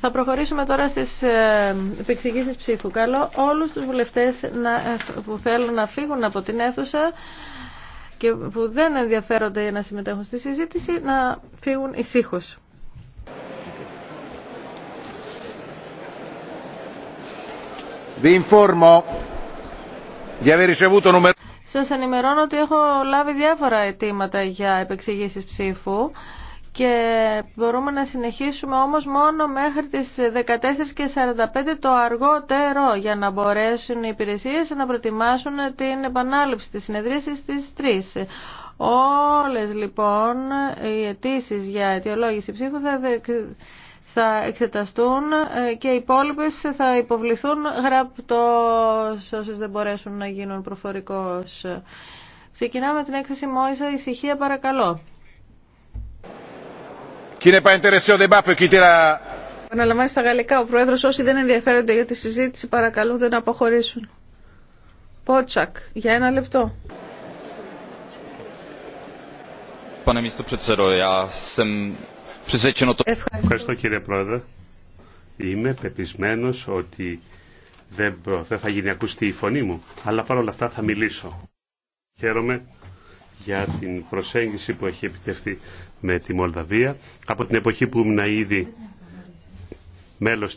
Θα προχωρήσουμε τώρα στις ε, επεξηγήσεις ψήφου. Καλό όλους τους βουλευτές ε, που θέλουν να φύγουν από την αίθουσα και που δεν ενδιαφέρονται να συμμετέχουν στη συζήτηση να φύγουν ησύχως. Σας ενημερώνω ότι έχω λάβει διάφορα αιτήματα για επεξηγήσεις ψήφου και μπορούμε να συνεχίσουμε όμως μόνο μέχρι τις 14.45 το αργότερο για να μπορέσουν οι υπηρεσίες να προετοιμάσουν την επανάληψη της συνεδρίασης στις 3. Όλες λοιπόν οι αιτήσει για αιτιολόγηση ψήφου θα, θα εξεταστούν ε, και οι υπόλοιπε θα υποβληθούν γραπτός όσες δεν μπορέσουν να γίνουν προφορικός. Ξεκινάμε την έκθεση Μόησα. Ησυχία παρακαλώ. Αναλαμβάνει στα γαλλικά ο Πρόεδρος όσοι δεν ενδιαφέρονται για τη συζήτηση παρακαλούνται να αποχωρήσουν. Πότσακ, για ένα λεπτό. Ευχαριστώ κύριε Πρόεδρε. Είμαι πεπισμένος ότι δεν θα γίνει ακουστή η φωνή μου, αλλά παρόλα αυτά θα μιλήσω. Χαίρομαι για την προσέγγιση που έχει επιτευχθεί με τη Μολδαβία από την εποχή που ήμουν ήδη μέλος